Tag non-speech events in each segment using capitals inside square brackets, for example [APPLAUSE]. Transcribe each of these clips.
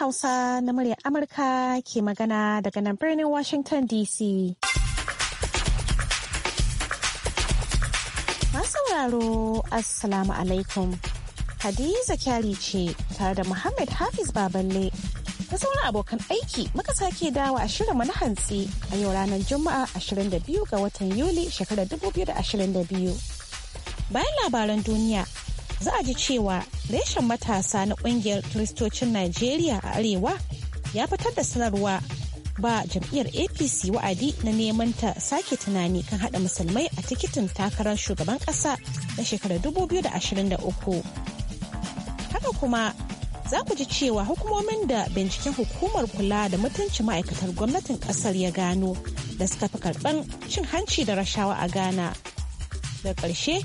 Hausa na muryar Amurka ke magana daga nan birnin Washington DC. sauraro Assalamu alaikum. Hadiza kyari ce tare da Muhammad Hafiz Baballe da sauran abokan aiki muka sake dawa a shirinmu na hantsi a yau ranar Juma'a 22 ga watan Yuli shekarar 2022. Bayan labaran duniya za a ji cewa reshen matasa na kungiyar kiristocin najeriya a arewa ya fitar da sanarwa ba jam'iyyar apc wa'adi na neman ta sake tunani kan hada musulmai a tikitin takarar shugaban kasa na shekarar 2023 haka kuma za ku ji cewa hukumomin da binciken hukumar kula da mutunci ma'aikatar gwamnatin kasar ya gano da suka fi karban cin hanci da rashawa a ghana da ƙarshe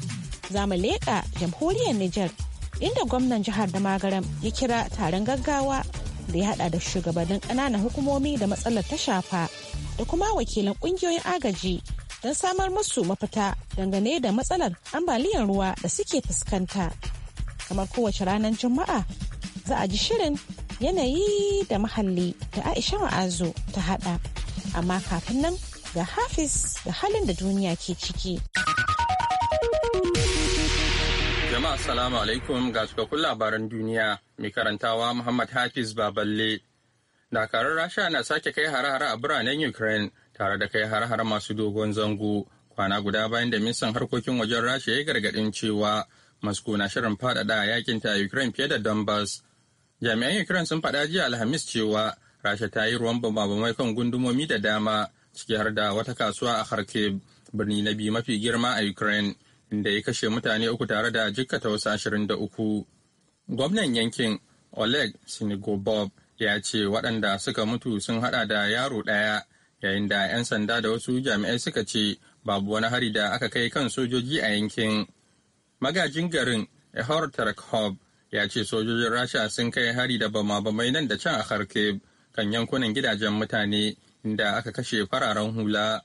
za mu leƙa jamhuriyar Nijar inda gwamnan jihar da magaram ya kira taron gaggawa da ya hada da shugabannin ƙananan hukumomi da matsalar ta shafa da kuma wakilan ƙungiyoyin agaji don samar musu mafita dangane da matsalar ambaliyar ruwa da suke fuskanta. Kamar kowace ranar Juma'a za a ji shirin yanayi da muhalli da Aisha Ma'azu ta hada. Amma kafin nan ga Hafiz da halin da duniya ke ciki. Jama'a Assalamu alaikum ga cikakkun labaran duniya mai karantawa Muhammad Hafiz Baballe. Dakarun Rasha na sake kai hare-hare a biranen Ukraine tare da kai hare-hare masu dogon zango kwana guda bayan da ministan harkokin wajen Rasha ya gargaɗin cewa Moscow na shirin faɗaɗa yakin ta Ukraine fiye da Donbass. Jami'an Ukraine sun faɗa jiya Alhamis cewa Rasha ta yi ruwan bambamai kan gundumomi da dama ciki har da wata kasuwa a Kharkiv birni na biyu mafi girma a Ukraine. inda ya kashe mutane uku tare da jikkata wasu ashirin da uku. Gwamnan yankin Oleg Sinigobov ya ce waɗanda suka mutu sun haɗa da yaro ɗaya yayin da 'yan sanda da wasu jami'ai suka ce babu wani hari da aka kai kan sojoji a yankin. Magajin garin Ehor Tarkhov ya ce sojojin Rasha sun kai hari da bama-bamai nan da can a Kharkiv kan yankunan gidajen mutane inda aka kashe fararen hula.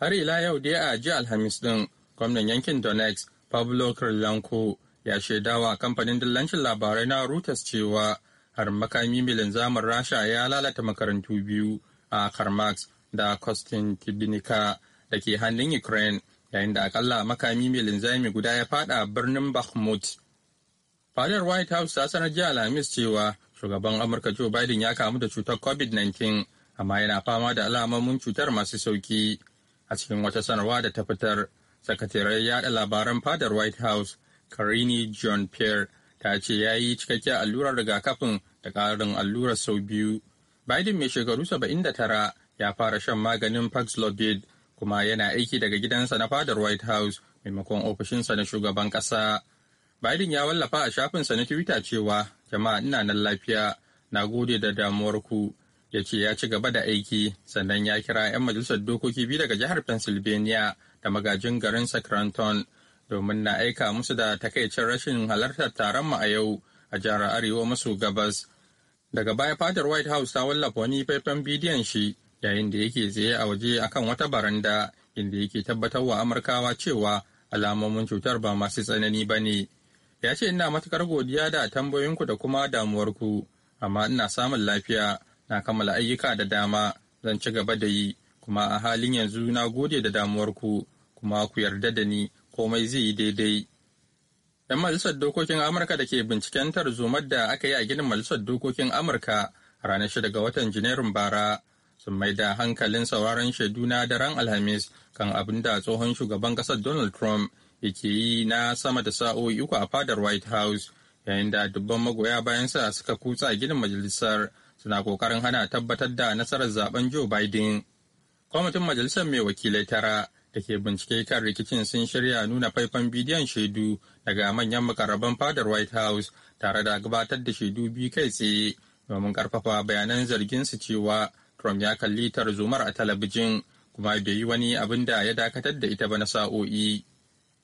Har ila yau dai a ji Alhamis ɗin gwamnan yankin Donetsk Pablo Kirilenko ya shaidawa kamfanin dillancin labarai na Reuters cewa har makami milin zamar Rasha ya lalata makarantu biyu a Karmax da kostin tibinika da ke hannun Ukraine yayin da akalla makami mai linzami guda ya fada birnin Bakhmut. Fadar White House ta sanar jiya Alhamis cewa shugaban Amurka Joe Biden ya kamu da cutar COVID-19 amma yana fama da alamomin cutar masu sauki. A cikin wata sanarwa da ta fitar, ya yada labaran fadar white house karini john pierre ta ce ya yi cikakken allurar rigakafin da karin allurar sau biyu biden mai shekaru 79 ya fara shan maganin paxlovid kuma yana aiki daga gidansa na fadar white house maimakon ofishinsa na shugaban kasa biden ya wallafa a shafinsa na twitter cewa jama'a ina nan lafiya na gode da damuwar ku ya ce ya ci gaba da aiki sannan ya kira 'yan majalisar dokoki biyu daga jihar pennsylvania da magajin garin Sacramento domin na aika musu da takaicin rashin halartar taron mu a yau a jihar Arewa maso gabas. Daga baya fadar White House ta wallafa wani faifan bidiyon shi yayin da yake tsaye a waje akan wata baranda inda yake tabbatar wa Amurkawa cewa alamomin cutar ba masu tsanani ba ne. Ya ce ina matukar godiya da tambayoyinku da kuma damuwarku, amma ina samun lafiya na kammala ayyuka da dama zan ci gaba da yi. kuma a halin yanzu na gode da damuwarku kuma ku yarda da ni komai zai yi daidai. ‘Yan majalisar dokokin Amurka da ke binciken tarzomar da aka yi a ginin majalisar dokokin Amurka ranar shida daga watan Janairun bara sun mai da hankalin sauraron shaidu na daren Alhamis kan abin da tsohon shugaban ƙasar Donald Trump yake yi na sama da sa'o'i uku a fadar White House yayin da dubban magoya bayan sa suka kutsa ginin majalisar suna kokarin hana tabbatar da nasarar zaben Joe Biden. kwamitin majalisar mai wakilai tara da ke bincike kan rikicin sun shirya nuna faifan bidiyon shaidu daga manyan makarraban fadar white house tare da gabatar da shaidu biyu kai tsaye domin karfafa bayanan zargin su cewa trump ya kalli tarzomar a talabijin kuma bai yi wani abin da ya dakatar da ita ba na sa'o'i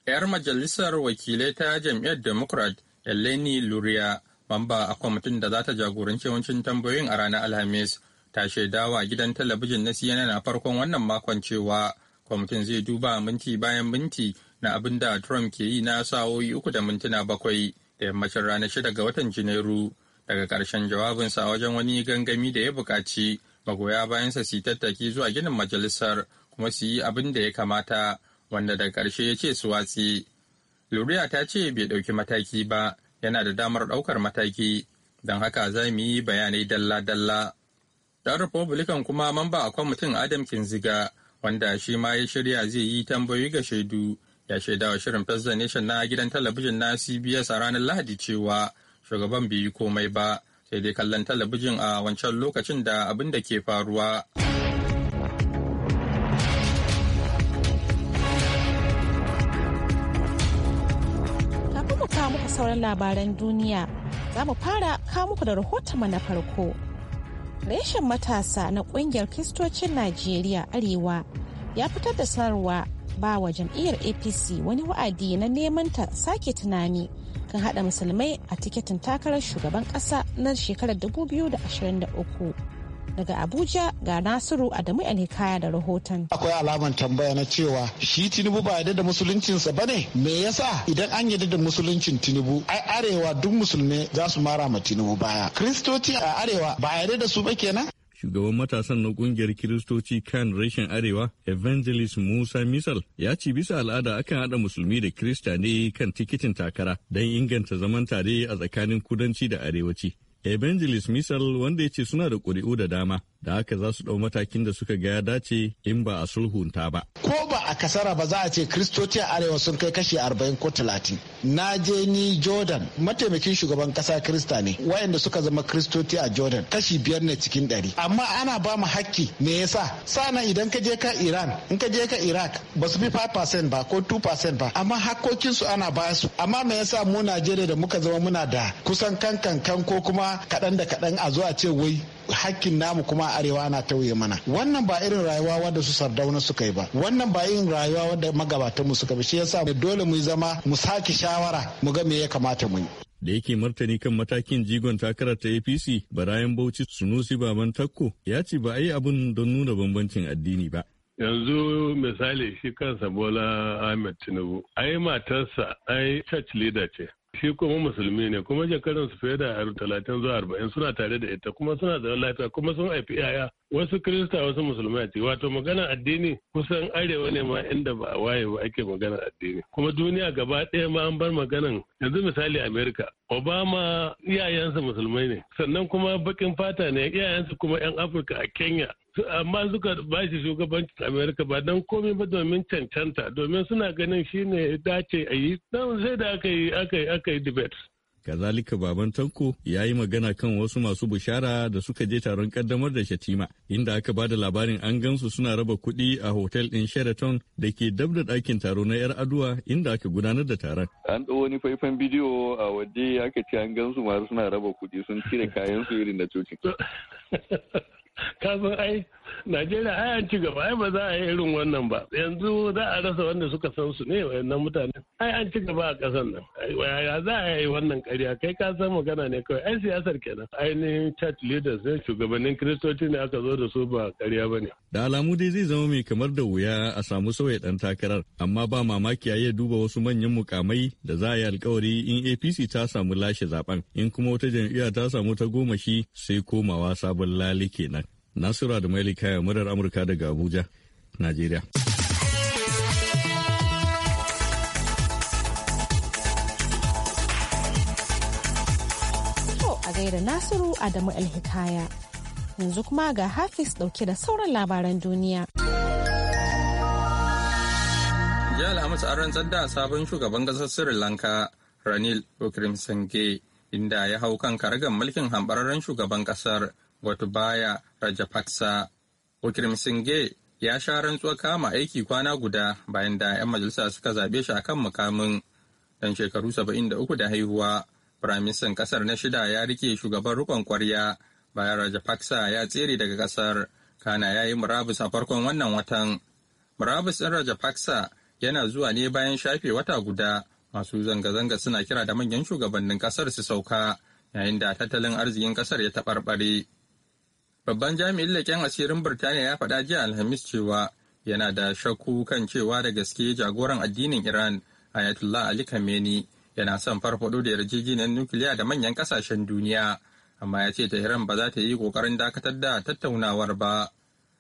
'yar majalisar wakilai ta jam'iyyar democrat eleni luria mamba a kwamitin da za ta jagoranci yawancin tambayoyin a ranar alhamis ta shaidawa gidan talabijin na CNN a farkon wannan makon cewa kwamitin zai duba minti bayan minti na abin da Trump ke yi na sa'o'i uku da mintuna bakwai da yammacin ranar shida ga watan Janairu daga ƙarshen jawabinsa a wajen wani gangami da ya buƙaci magoya bayansa su tattaki zuwa ginin majalisar kuma su yi abin da ya kamata wanda daga ƙarshe ya ce su watsi. Luriya ta ce bai ɗauki mataki ba yana da damar ɗaukar mataki don haka za mu yi bayanai dalla-dalla. Dan Republican kuma mamba a kwamitin Adam Kinziga wanda shi ma ya shirya zai yi tambayoyi ga shaidu ya shaidawa shirin First Nation na gidan talabijin na CBS a ranar Lahadi cewa shugaban bai yi komai ba sai dai kallon talabijin a wancan lokacin da abin da ke faruwa. Kafin mu kawo muku sauran labaran duniya, za mu fara kawo muku da rahoton na farko. reshen matasa na kungiyar kristocin najeriya arewa ya fitar da sanarwa ba wa jam'iyyar apc wani wa'adi na neman ta sake tunani kan hada musulmai a tiketin takarar shugaban kasa na shekarar 2023 daga abuja ga nasiru adamu kaya da rahoton akwai alamar tambaya na cewa shi tinubu ba yarda da musuluncinsa ba ne me yasa idan an yadda da musuluncin tinubu ai arewa duk musulmai za su mara ma tinubu baya kristoci a arewa ba yarda da su ba kenan shugaban matasan na kungiyar kiristoci kan rashin arewa evangelist musa misal ya ci bisa al'ada akan haɗa musulmi da kirista ne kan tikitin takara don inganta zaman tare a tsakanin kudanci da arewaci Evangelist Misal wanda ya ce suna da ƙuri'u da dama da haka za su ɗau matakin da suka ga ya dace in ba a sulhunta ba. Ko ba a kasara ba za a ce Kiristoci a Arewa sun kai kashi arba'in ko talatin. Na je ni Jordan mataimakin shugaban kasa Kirista ne wayanda suka zama Kiristoci a Jordan kashi biyar ne cikin ɗari. Amma ana ba mu hakki me yasa? Sana idan ka je ka Iran in ka je ka Iraq ba su fi 5% ba ko 2% ba amma hakkokinsu ana ba su. Amma me yasa mu Najeriya da muka zama muna da kusan kankan kan ko kuma kaɗan da kaɗan a zuwa ce wai hakkin namu kuma arewa na tauye mana wannan ba irin rayuwa wadda su sardauna suka yi ba wannan ba irin rayuwa wadda magabatan mu suka bi shi yasa dole mu yi zama mu saki shawara mu ga me ya kamata mu yi da yake martani kan matakin jigon takarar ta APC Barayan Bauchi Sunusi Baban Takko ya ce ba a yi abin don nuna bambancin addini ba yanzu misali shi kansa bola ahmed tinubu ai matarsa ai church leader ce shi kuma musulmi ne kuma shekaran su fiye da talatin zuwa arba'in suna tare da ita kuma suna da lafiya kuma sun haifi yaya wasu kirista wasu musulmai ce wato magana addini kusan arewa ne ma inda ba a waye ba ake magana addini kuma duniya gaba ɗaya ma an bar maganan yanzu misali america obama iyayensa musulmai ne sannan kuma bakin fata ne iyayensa kuma yan afirka a kenya amma suka ba shi shugabancin amerika ba don komai ba domin cancanta domin suna ganin shine dace a yi don sai da aka yi aka yi aka yi debate Kazalika baban Tanko ya yi magana kan wasu masu bushara da suka je taron kaddamar da Shatima, inda aka ba da labarin an gansu suna raba kuɗi a hotel ɗin Sheraton da ke dab da ɗakin taro na 'yar aduwa inda aka gudanar da taron. An ɗau wani faifan bidiyo a waje aka ce an gansu masu suna raba kuɗi sun cire kayan su irin da cocin. [LAUGHS] Ka ai najeriya ai an ci gaba ai ba za a yi irin wannan ba yanzu za a rasa wanda suka san su ne wayannan mutane ai an ci gaba a kasan nan ya za a yi wannan ƙarya kai ka san magana ne kawai ai siyasar kenan ainihin church leaders ne shugabannin kiristoci ne aka zo da su ba ƙarya ba ne da alamu dai zai zama mai kamar da wuya a samu sauya ɗan takarar amma ba mamaki a duba wasu manyan mukamai da za a yi alkawari in apc ta samu lashe zaben in kuma wata jam'iyya ta samu ta goma shi sai komawa sabon lali kenan Nasura da Maili Kaya murar Amurka daga Abuja, Najeriya. a gaida Nasiru Adamu Alhikaya. Yanzu kuma ga Hafiz dauke da sauran labaran duniya. ya Alhamis aron rantsar da sabon shugaban ƙasar Sri Lanka Ranil Wickremesinghe inda ya hau kan karagar mulkin hambararren shugaban ƙasar raja Rajapaksa. Wikirmsinghe ya sha rantsuwa kama aiki kwana guda bayan da 'yan majalisa suka zaɓe shi a kan mukamin dan shekaru 73 da haihuwa. Firaministan ƙasar na shida ya rike shugaban rikon kwarya bayan Rajapaksa ya tsere daga ƙasar. Kana ya yi murabus a farkon wannan watan. Murabus ɗin Rajapaksa yana zuwa ne bayan shafe wata guda masu zanga-zanga suna kira da manyan shugabannin kasar su sauka yayin da tattalin arzikin kasar ya taɓarɓare. Babban jami'in leƙen asirin Birtaniya ya faɗa jiya Alhamis cewa yana da shakku kan cewa da gaske jagoran addinin Iran Ayatollah Ali Khamenei yana son farfaɗo da yarjejeniyar nukiliya da manyan ƙasashen duniya, amma ya ce Tehran ba za ta yi ƙoƙarin dakatar da tattaunawar ba.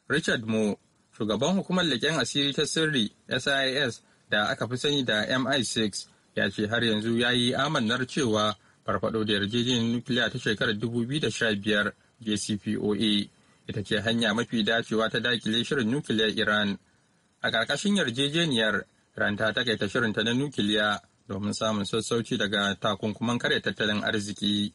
Richard Mo, shugaban hukumar leƙen asiri ta sirri SIS da aka fi sani da MI6, ya ce har yanzu ya yi amannar cewa farfaɗo da yarjejeniyar nukiliya ta shekarar 2015 JCPOA ita ce hanya mafi dacewa ta dakile shirin nukiliyar Iran. A ƙarƙashin yarjejeniyar, Iran ta takaita shirinta na nukiliya domin samun sassauci daga takunkuman karya tattalin arziki.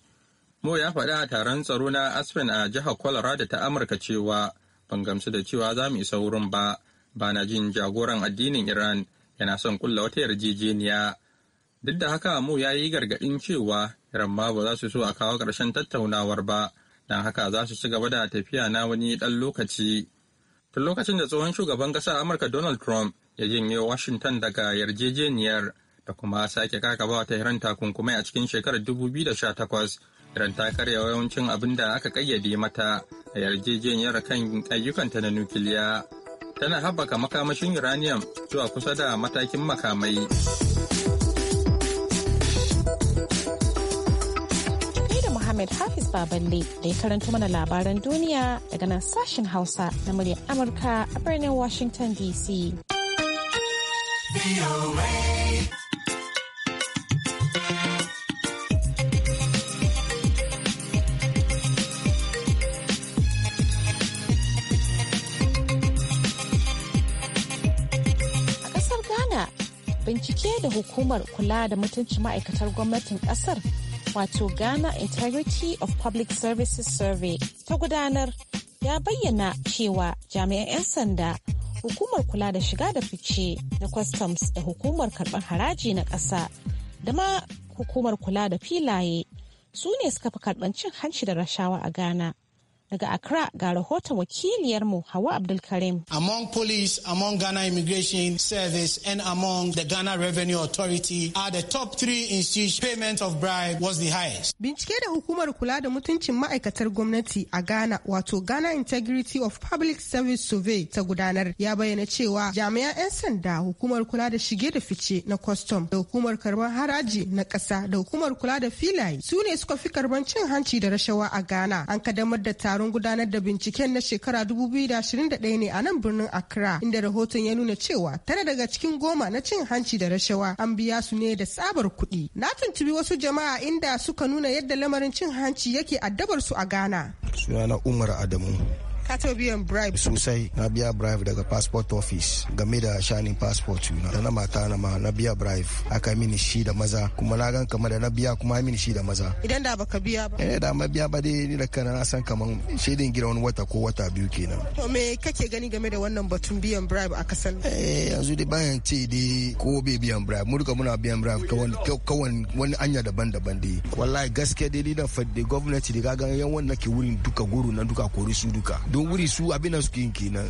Mo ya faɗa a taron tsaro na Aspen a jihar Colorado ta Amurka cewa ban gamsu da cewa za mu isa wurin ba, ba na jin jagoran addinin Iran yana son kulla wata yarjejeniya. Duk da haka Mo ya yi gargaɗin cewa Iran ba za su so a kawo ƙarshen tattaunawar ba, don haka za su ci gaba da tafiya na wani ɗan lokaci. Tun lokacin da tsohon shugaban ƙasar Amurka Donald Trump ya janye Washington daga yarjejeniyar da kuma sake kakaba ta Iran takunkumai a cikin shekarar 2018, Iran ta karya yawancin abin da aka kayyade mata a yarjejeniyar kan ayyukanta na nukiliya. Tana haɓaka makamashin uranium zuwa kusa da matakin makamai. Ahmed Hafiz Baballe da ya karanto mana labaran duniya daga nan sashen Hausa na murya Amurka a birnin Washington DC. bincike da hukumar kula da mutuncin ma'aikatar gwamnatin kasar wato Ghana Integrity of Public Services Survey ta gudanar ya bayyana cewa jami'an 'yan sanda hukumar kula da shiga da fice na customs da hukumar karɓar haraji na ƙasa da ma hukumar kula da filaye su ne suka fi karɓar cin hanci da rashawa a Ghana. Daga Accra ga rahoton wakiliyarmu Hawa Abdulkarim. Among police, among Ghana Immigration Service and among the Ghana Revenue Authority are the top three in which payment of bribe was the highest. Bincike da hukumar kula da mutuncin ma'aikatar gwamnati a Ghana wato Ghana Integrity of Public Service Survey ta gudanar ya bayyana cewa jami'an 'yan sanda hukumar kula da shige da fice na custom da hukumar karban haraji na ƙasa da hukumar kula da filaye su ne suka fi karban cin hanci da rashawa a Ghana. An kadamar da taro taron gudanar da binciken na shekara 2021 ne a nan birnin Accra inda rahoton ya nuna cewa tare daga cikin goma na cin hanci da rashawa an biya su ne da tsabar kuɗi. Na tuntubi wasu jama'a inda suka nuna yadda lamarin cin hanci yake addabar su a Ghana. Sunana Umar Adamu. ka taɓa biyan bribe sosai na biya bribe daga passport office game da shanin passport na da na mata na ma na biya bribe aka mini shi da maza kuma na gan kamar da na biya kuma ya mini shi da maza idan da baka biya ba eh da ma biya ba dai ni da kana na san kaman shedin gida wani wata ko wata biyu kenan to me kake gani game da wannan batun biyan bribe a kasan eh yanzu dai bayan ce dai ko bai biyan bribe mu duka muna biyan bribe kawan kawan wani anya daban-daban dai wallahi gaskiya dai ni da fadde gwamnati da ga ga yan wannan ke wurin duka guru na duka kori su duka don wuri su abin da suke yin kenan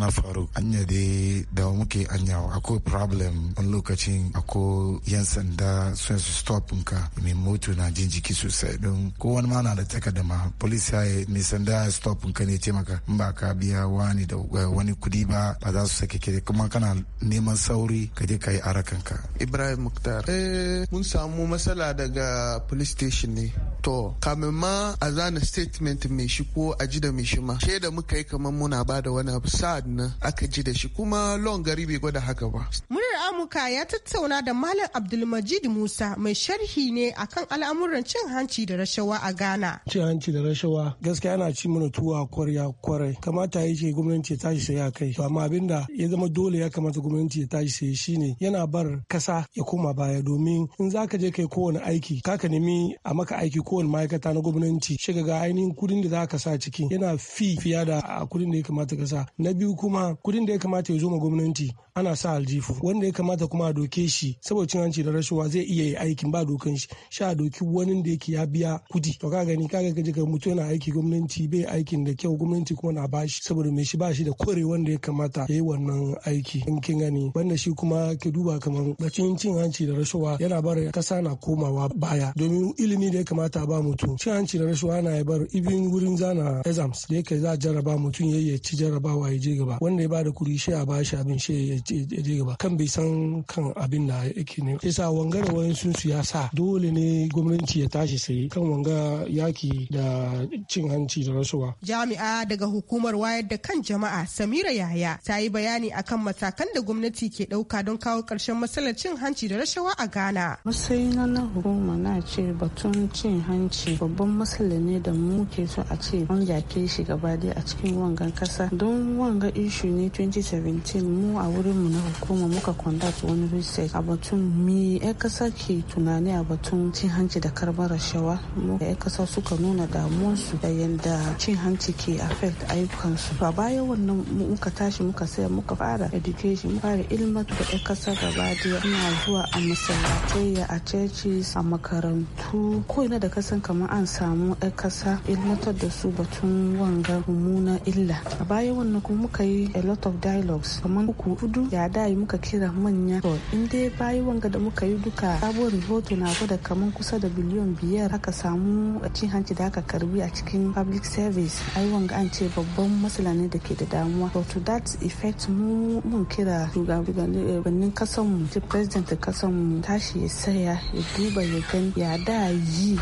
na faruk anya dai da muke anyawa akwai problem wani lokacin akwai yan sanda sun su stop nka mai moto na jin jiki sosai don ko wani ma na da takarda ma police ya mai sanda ya stop nka ne ce maka in ba ka biya wani da eh, wani kudi ba ba za su sake kire kuma kana neman sauri ka je ka yi arakan ka. ibrahim muktar eh, mun samu matsala daga police station ne to kamin ma a zana statement mai shi ko a ji da mai shi ma shaida da muka yi kamar muna ba da wani abu sa'ad nan aka ji da shi kuma lon gari bai gwada haka ba. Muna Amurka ya tattauna da Malam Abdulmajid Musa mai sharhi ne akan al'amuran cin hanci da rashawa a Ghana. Cin hanci da rashawa gaskiya yana ci mana tuwa kwarya kwarai. Kamata yake gwamnati ta shi saya kai. To amma abinda ya zama dole ya kamata gwamnati ta shi ne shine yana bar kasa ya koma baya domin in za ka je kai kowane aiki ka ka nemi a maka aiki kowane ma'aikata na gwamnati shi ga ainihin kudin da za ka sa ciki yana fi fiya da kudin da ya kamata ka sa. Na biyu kuma kudin da ya kamata ya zo ma gwamnati ana sa aljifu wanda ya kamata kuma a doke shi saboda cin hanci da rashawa zai iya yi aikin ba dokan shi sha a doki wani da yake ya biya kudi to ka gani kaga kaje ka mutu yana aiki gwamnati bai aikin da kyau gwamnati kuma na bashi saboda me shi ba shi da kore wanda ya kamata ya yi wannan aiki in kin gani wanda shi kuma ke duba kamar bacin cin hanci da rashawa yana bar kasa na komawa baya domin ilimi da ya kamata ba mutum cin hanci da rashawa na ya bar ibin wurin zana exams da yake za jaraba mutum ya ci jarabawa ya je gaba wanda ya ba da kudi shi a bashi abin shi ya je kan bai san kan abin da yake ne sa wangare wayan sun su ya sa dole ne gwamnati ya tashi sai kan wanga yaki da cin hanci da rasuwa jami'a daga hukumar wayar da kan jama'a samira yaya ta yi bayani akan matakan da gwamnati ke ɗauka don kawo karshen matsalar cin hanci da rashawa a ghana matsayi na na hukuma na ce batun cin hanci babban matsala ne da mu ke so a ce an yake shi gaba a cikin wangan kasa don wanga ishu ne 2017 mu a wurin mu na hukuma muka conduct wani research a batun mi ya kasa ke tunani a batun cin hanci da karbar rashawa ya kasa suka nuna damuwarsu da yadda cin hanci ke affect ayyukansu a bayan wannan muka tashi muka saya muka fara education muka fara ilmatu da ya kasa gaba daya ina zuwa a masallatai a churches a makarantu ko ina da kasan kamar an samu ya kasa ilmatar da su batun wanga mummuna illa a bayan wannan kuma muka yi a lot of dialogues kamar uku hudu hudu ya yi muka kira manya to in dai bayi wanga da muka yi duka sabuwar rahoto na gwada kamar kusa da biliyon biyar aka samu a cin hanci da aka karbi a cikin public service ai wanga an ce babban masala ne da ke da damuwa to to that effect mu mun kira shugabannin kasan mu ta president kasan mu tashi ya saya ya duba ya gani ya da yi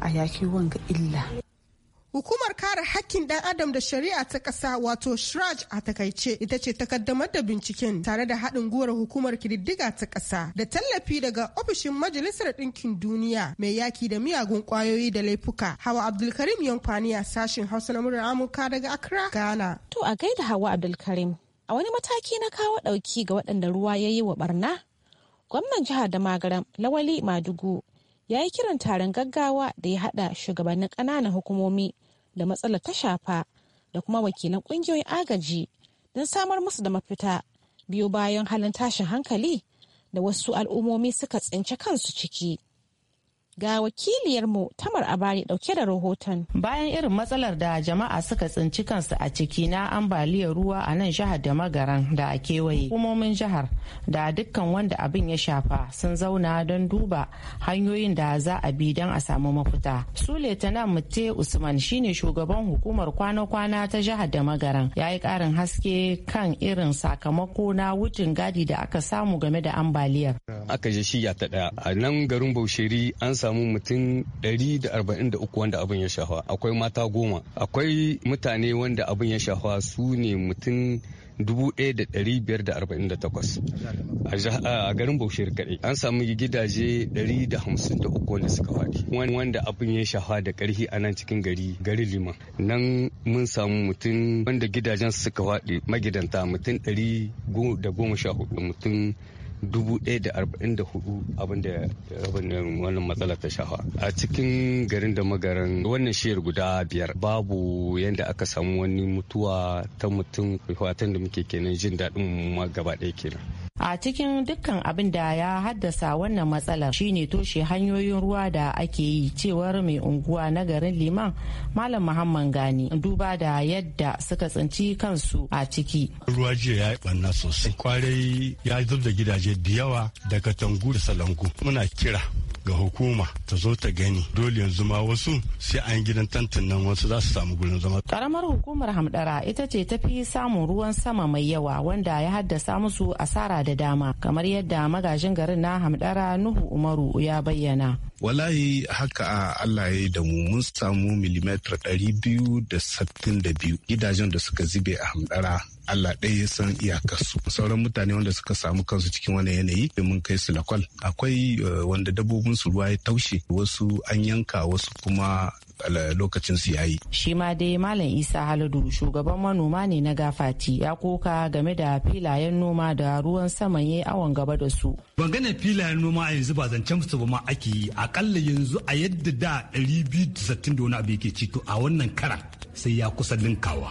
a yaki wanga illa Hukumar kare hakkin ɗan adam da shari'a ta ƙasa wato Shraj a takaice ita ce ta kaddamar da binciken tare da haɗin gwiwar hukumar kididdiga ta ƙasa da tallafi daga ofishin Majalisar Ɗinkin Duniya mai yaki da miyagun ƙwayoyi da laifuka. Hawa Abdulkarim Yankwaniya sashin Hausa na murar Amurka daga Accra, Ghana. To a gaida Hawa Abdulkarim. A wani mataki na kawo ɗauki ga waɗanda ruwa ya yi wa ɓarna, Gwamnan jihar da magaram Lawali Madugu ya yi kiran taron gaggawa da ya haɗa shugabannin ƙananan hukumomi da matsalar ta shafa da kuma wakilan ƙungiyoyin agaji don samar musu da mafita biyu bayan halin tashin hankali da wasu al'ummomi suka tsinci kansu ciki. Ga wakiliyarmu Tamar Abari dauke da rahoton. Bayan irin matsalar da jama'a suka tsinci kansu a ciki na ambaliyar ruwa a nan jihar da magaran da a kewaye. Hukumomin jihar da dukkan wanda abin ya shafa sun zauna don duba hanyoyin da za a bi don a samu mafita. Su Letanan Mutte Usman shine shugaban hukumar kwana-kwana ta jihar da magaran ya yi karin haske kan irin sakamako na wucin gadi da aka samu game da ambaliyar. Aka je shi ta daya a nan garin Bausheri an samu samu mutum 143 wanda abin ya shafa akwai mata goma akwai mutane wanda abin ya shafa su ne mutum 1548 a garin baushir kaɗai an samu gidaje 153 wanda suka faɗi wanda abin ya shafa da ƙarfi a nan cikin gari gari liman nan mun samu mutum wanda gidajen suka faɗi magidanta mutum 114 mutum 1,044 abinda wannan matsala ta shafa a cikin garin da magaran wannan shiyar guda biyar babu yadda aka samu wani mutuwa ta mutum fatan da muke kenan jin daɗin ma gaba ɗaya kenan a cikin dukkan abin da ya haddasa wannan matsalar shine toshe hanyoyin ruwa da ake yi cewar mai unguwa na garin liman malam muhammad gani duba da yadda suka tsinci kansu a ciki ruwa jiya ya yi banna sosai kwarai ya zub da gidaje da yawa daga tangu da salangu muna kira ga hukuma ta zo ta gani dole yanzu ma wasu sai an gidan tantan nan wasu za su samu gurin zama karamar hukumar hamdara ita ce ta fi samun ruwan sama mai yawa wanda ya haddasa musu asara da dama kamar yadda magajin garin na hamdara nuhu umaru ya bayyana wallahi haka a Allah ya yi da mu mun samu milimetar ɗari biyu da sattin da biyu gidajen da suka zube a hamdara Allah ɗaya ya san iyakarsu sauran mutane wanda suka samu kansu cikin wani yanayi da mun kai su lakwal akwai eh, wanda dabbobin su ruwa ya taushe wasu an yanka wasu kuma lokacin su yayi shi ma dai malam isa haladu shugaban manoma ne na gafati ya koka game da filayen noma da ruwan saman yayi awon gaba da su bangane filayen noma a yanzu ba zancen su ba ma ake yi akalla yanzu a yadda da 260 da wani abu yake ci to a wannan kara sai ya kusa linkawa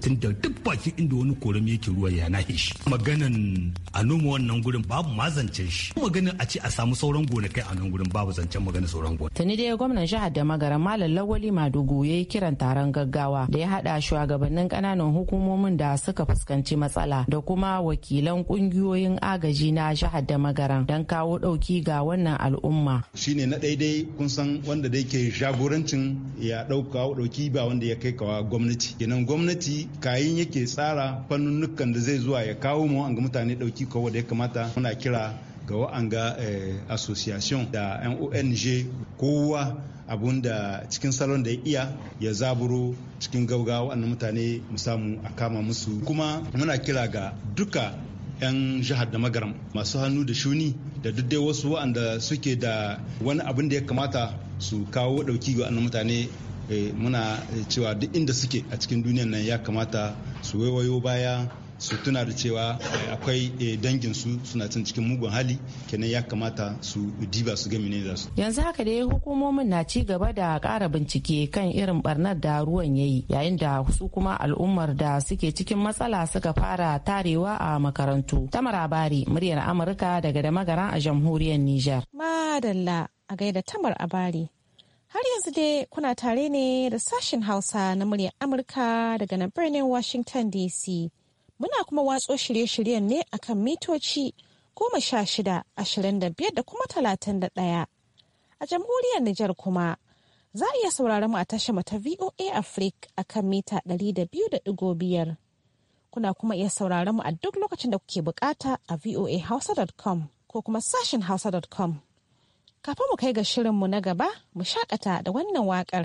tun da duk baki inda wani koram yake ruwa ya nahe shi maganan a noma wannan gurin babu ma zancen shi maganin a ce a samu sauran gonakai a nan gurin babu zancen magana sauran gona tuni dai gwamnan jihar da magara malam lawali madugu ya yi kiran taron gaggawa da ya haɗa shugabannin ƙananan hukumomin da suka fuskanci matsala da kuma wakilan ƙungiyoyin agaji na jihar da magara don kawo ɗauki ga wannan al'umma shine na daidai kun san wanda da yake jagorancin ya ɗauka ɗauki ba wanda ya kai kawa gwamnati kenan gwamnati kayin yake tsara fannunukan da zai zuwa ya kawo mu an ga mutane dauki kowa da ya kamata muna kira ga wa'anga eh, association da ONG kowa abun da cikin salon da ya iya ya zaburo cikin gauga wa'annan mutane mu samu a kama musu kuma muna kira ga duka 'yan jihar da magaram masu hannu da shuni da duk dai wasu wa'anda suke da wani abun da ya kamata su kawo dauki ga mutane Eh, muna cewa duk inda suke a cikin duniyan nan ya kamata su waiwayo baya su tuna da cewa eh, akwai eh, dangin su suna cin cikin mugun hali kenan ya kamata su diba su gami ne da su yanzu haka dai hukumomin na ci gaba da kara bincike kan irin barnar da ruwan yayi yayin da su kuma al'ummar da suke cikin matsala suka fara tarewa a makarantu tamara bari muryar amurka daga da magaran a jamhuriyar Nijar. madalla a gaida tamar abari Har yanzu dai kuna tare ne da sashen Hausa na muryar Amurka daga nan birnin Washington DC. Muna kuma watso shirye-shiryen ne akan mitoci goma sha shida, ashirin da biyar da kuma talatin da ɗaya. A jamhuriyar Nijar kuma za a iya saurari mu a tashar mata VOA Africa kan mita ɗari da biyu da ɗigo biyar. Kuna kuma iya saurari mu a duk lokacin da kuke bukata a voahausa.com ko kuma sashen hausa.com. Kafin mu kai ga shirinmu na gaba, mu shakata da wannan waƙar.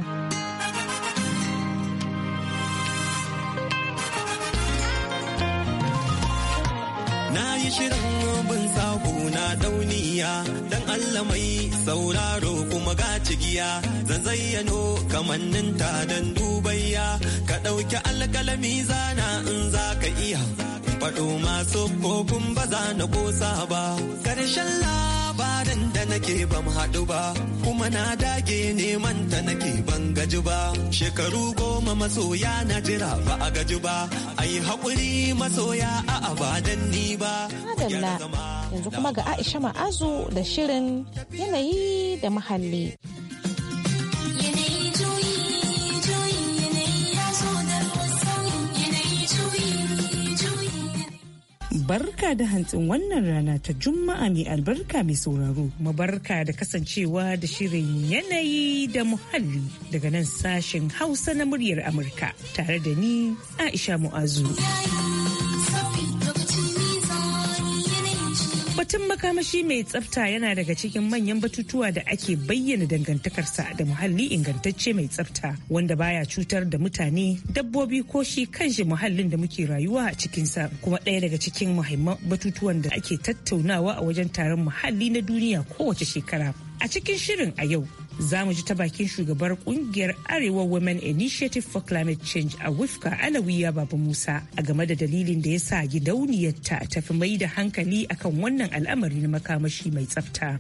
Na yi shirin bin sako na dauniya, dan Allah mai sauraro kuma ga cigiya, zan zayyano kamanninta don dubayya, ka ɗauki alkalami zana in za ka iya. Faɗo masu kofin ba za na ƙosa ba, ƙarshen la labarin da nake ban haɗu ba kuma na dage neman ta nake ban gaji ba shekaru goma masoya na jira ba a gaji ba yi haƙuri masoya a abadan ni ba yanzu kuma ga Aisha Ma'azu da shirin yanayi da muhalli barka da hantsin wannan rana ta Juma'a mai albarka mai sauraro. Mabarka da kasancewa da shirin yanayi da muhalli daga nan sashen Hausa na muryar Amurka tare da ni Aisha Mu'azu. Batun makamashi mai tsafta yana daga cikin manyan batutuwa da ake bayyana dangantakarsa da muhalli ingantacce mai tsafta wanda baya cutar da mutane, dabbobi ko shi kanshi muhallin da muke rayuwa a cikinsa kuma ɗaya daga cikin muhimman batutuwan da ake tattaunawa a wajen taron muhalli na duniya kowace shekara. A cikin shirin a yau za mu ji ta bakin shugabar kungiyar arewa women initiative for climate change a wifka alawiya baba musa a game da dalilin da ya sa gidauniyarta ta fi mai da hankali akan wannan al'amari na makamashi mai tsafta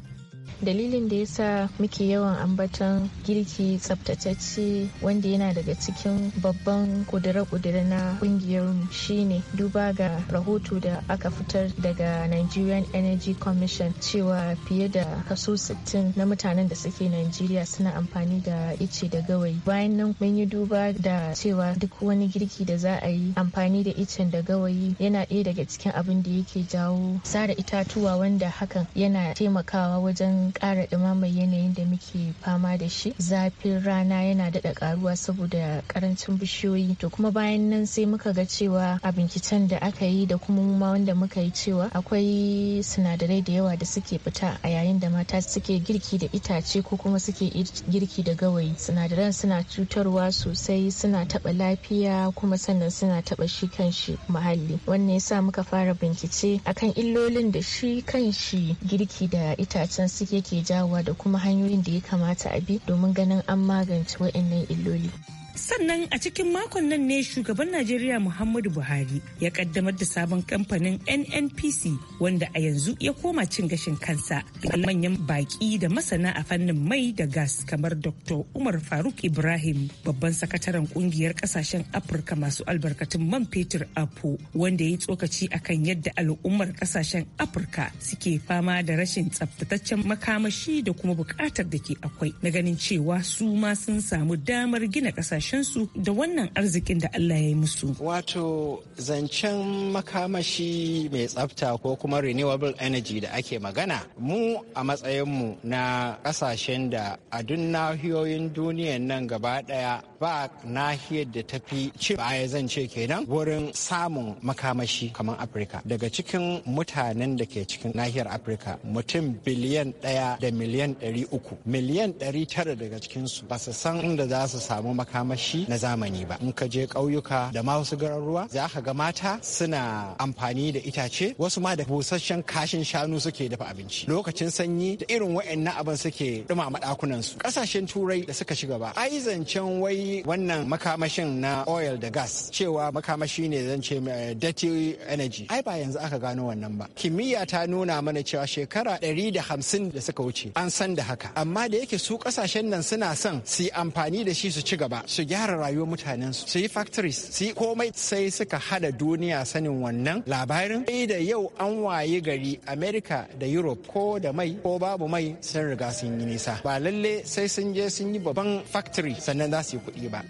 dalilin da yasa muke yawan ambaton girki tsaftatacce wanda yana daga cikin babban kudura-kudura na kungiyar shine duba ga rahoto da aka fitar daga nigerian energy commission cewa fiye da kaso 60 na mutanen da suke nigeria suna amfani da ice da gawayi bayan nan mun yi duba da cewa duk wani girki da za a yi amfani da icen da gawayi yana ɗaya daga cikin abin da yake jawo sare itatuwa wanda hakan yana taimakawa wajen domin ƙara ɗumamar yanayin da muke fama da shi zafin rana yana daɗa ƙaruwa saboda ƙarancin bishiyoyi to kuma bayan nan sai muka ga cewa a binciken da aka yi da kuma ma wanda muka yi cewa akwai sinadarai da yawa da suke fita a yayin da mata suke girki da itace ko kuma suke girki da gawayi sinadaran suna cutarwa sosai suna taɓa lafiya kuma sannan suna taɓa shi kanshi muhalli wannan yasa muka fara bincike akan illolin da shi kanshi girki da itacen suke yake jawowa da kuma hanyoyin da ya kamata a bi domin ganin an magance waɗannan illoli. sannan a cikin makon nan ne shugaban najeriya muhammadu buhari ya kaddamar da sabon kamfanin nnpc wanda a yanzu ya koma cin gashin kansa da manyan baki da masana a fannin mai da gas kamar dr umar faruk ibrahim babban sakataren kungiyar kasashen afirka masu albarkatun man fetur apo wanda ya yi tsokaci akan yadda al'ummar kasashen afirka suke fama da rashin tsaftataccen makamashi da kuma bukatar da ke akwai na ganin cewa su ma sun samu damar gina kasashen su da wannan arzikin da Allah ya yi musu. Wato zancen makamashi mai tsafta ko kuma renewable energy da ake magana mu a matsayinmu na kasashen da a duk nahiyoyin duniyan nan gaba daya ba nahiyar da ta fi ci baya zan ce kenan wurin samun makamashi kamar Afirka. Daga cikin mutanen da ke cikin nahiyar Afirka mutum biliyan ɗaya da miliyan ɗari uku miliyan ɗari tara daga cikinsu ba su san inda za su samu makamashi makamashi na zamani ba in ka je ƙauyuka da ma wasu garuruwa za ka ga mata suna amfani da itace wasu ma da busasshen kashin shanu suke dafa abinci lokacin sanyi da irin wa'annan abin suke dumama ɗakunan su ƙasashen turai da suka shiga ba ai zancen wai wannan makamashin na oil da gas cewa makamashi ne zance eh, dirty energy ai ba yanzu aka gano wannan ba kimiyya ta nuna mana cewa shekara 150 da suka wuce an san da haka amma da yake su ƙasashen nan suna son su yi amfani da shi su ci gaba su gyara rayuwar mutanensu. su su yi factories su komai sai suka hada duniya sanin wannan labarin sai da yau an waye gari america da europe ko da mai ko babu mai sun riga sun yi nisa ba lalle sai sun je sun yi babban factory sannan za su yi kuɗi ba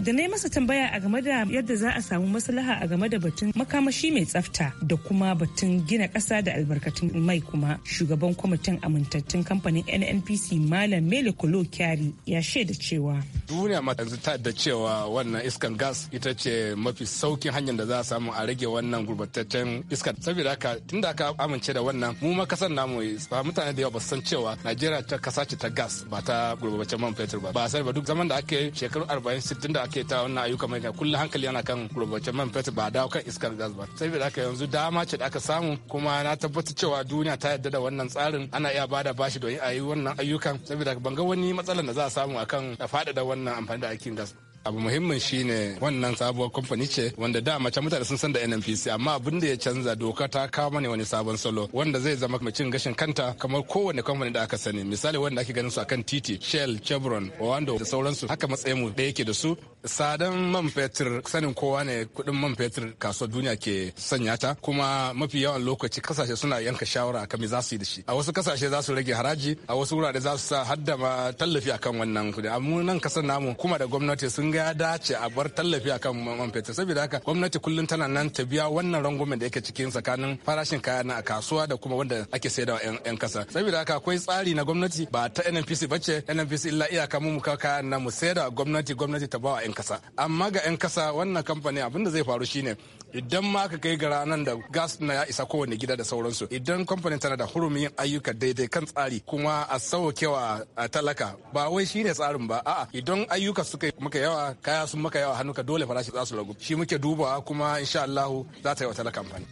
da na yi masa tambaya a game da yadda za a samu maslaha a game da batun makamashi mai tsafta da kuma batun gina ƙasa da albarkatun mai kuma shugaban kwamitin amintattun kamfanin nnpc malam mele kolo kyari ya shaida cewa duniya ma yanzu ta da cewa wannan iskan gas ita ce mafi saukin hanyar da za a samu a rage wannan gurbataccen iska saboda haka da aka amince da wannan mu ma kasar namu ba mutane da yawa ba san cewa najeriya ta kasa ce ta gas ba ta gurbataccen man fetur ba ba sai ba duk zaman da ake shekaru 40 60 da ake ta wannan ayyuka mai ga kullum hankali yana kan rubuce man fetur ba dawo kan iskar gas ba saboda haka yanzu dama ce da aka samu kuma na tabbatar cewa duniya ta yarda da wannan tsarin ana iya bada bashi don a wannan ayyukan saboda ban ga wani matsalar da za a samu akan faɗaɗa wannan amfani da aikin gas abu muhimmin shine wannan sabuwar kamfani ce wanda da mace mutane sun san da NNPC amma abin da ya canza doka ta kawo ne wani sabon salo wanda zai zama cin gashin kanta kamar kowane kamfani da aka sani misali wanda ake ganin su akan titi Shell Chevron wando da sauransu haka matsayin mu da yake da su sadan man fetur sanin kowa ne kudin man fetur kasuwar duniya ke sanya ta kuma mafi yawan lokaci kasashe suna yanka shawara akan me za su yi da shi a wasu kasashe za su rage haraji a wasu wurare za su sa hadda ma tallafi akan wannan kudi amma nan kasar namu kuma da gwamnati sun ga ga ya dace a bar tallafi akan man fetur saboda haka gwamnati kullum tana nan ta biya wannan rangwamen da yake cikin tsakanin farashin kaya na a kasuwa da kuma wanda ake sayar da yan kasa saboda haka akwai tsari na gwamnati ba ta NNPC bace NNPC illa iyaka mu muka kayan na mu sayar da gwamnati gwamnati ta bawa wa yan kasa amma ga yan kasa wannan kamfani abin da zai faru shine idan ma ka kai ga ranar da gas na ya isa kowane gida da sauransu idan kamfanin tana da hurumin ayyuka daidai kan tsari kuma a saukewa a talaka ba wai shine tsarin ba a'a idan ayyuka suka maka yawa kaya sun maka yawa hannuka dole farashi za su ragu shi muke dubawa kuma insha Allah za ta yi wa talaka amfani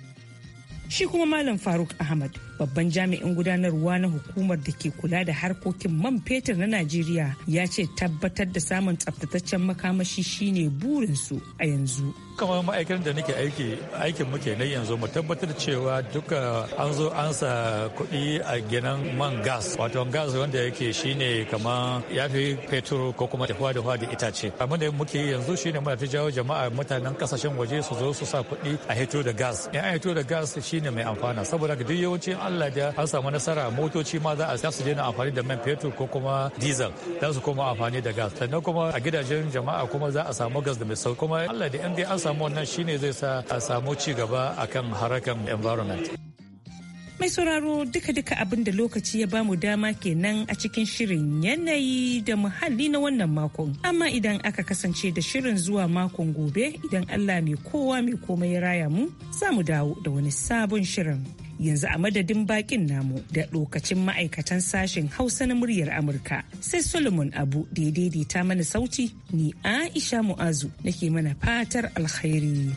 shi kuma malam faruk ahmad babban jami'in gudanarwa na hukumar da ke kula da harkokin man fetur na najeriya ya ce tabbatar da samun tsaftataccen makamashi shine burinsu a yanzu kamar ma'aikatan da nake aiki aikin muke na yanzu mu tabbatar cewa duka an zo an sa kuɗi a ginan man gas wato gas wanda yake shine kamar ya fi fetur ko kuma tafiya da da itace abin da muke yanzu shine muna ta jawo jama'a mutanen kasashen waje su zo su sa kuɗi a hito da gas in an hito da gas shine mai amfana saboda duk yawancin Allah da an samu nasara motoci ma za a sa. su daina amfani da man fetur ko kuma diesel za su koma amfani da gas sannan kuma a gidajen jama'a kuma za a samu gas da mai sauki kuma Allah da in dai samu wannan shine zai sa a samu ci gaba akan harakan environment mai sauraro duka-duka abin da lokaci ya bamu dama kenan a cikin shirin yanayi da muhalli na wannan makon amma idan aka kasance da shirin zuwa makon gobe idan allah mai kowa mai komai ya raya mu za mu dawo da wani sabon shirin yanzu a madadin bakin namu da lokacin ma'aikatan sashen hausa na muryar amurka sai solomon abu da ya daidaita mana sauti ni aisha mu'azu nake mana fatar alkhairi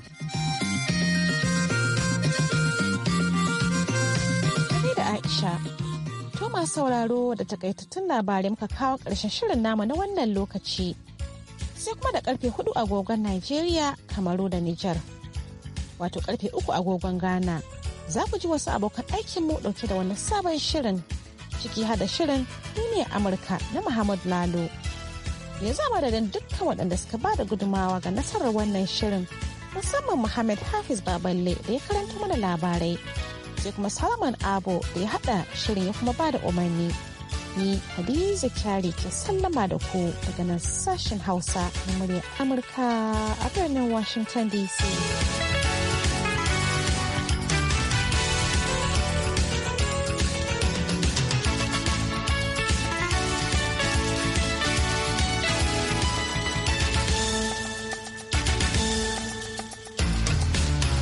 aisha to sauraro da takaitattun labarai muka kawo ƙarshen shirin namu na wannan lokaci sai kuma da karfe hudu agogon Najeriya, Kamaru da Nijar. Wato karfe uku agogon Ghana. za ku ji wasu abokan aikinmu ɗauke da wani sabon shirin ciki hada shirin duniya amurka na muhammad lalo ya zama da dukkan waɗanda suka ba da gudumawa ga nasarar wannan shirin musamman muhammad hafiz baballe da ya karanta mana labarai sai kuma salman abo da ya haɗa shirin ya kuma ba da umarni ni hadiza kyari ke sallama da ku daga nan sashen hausa na murya amurka a birnin washington dc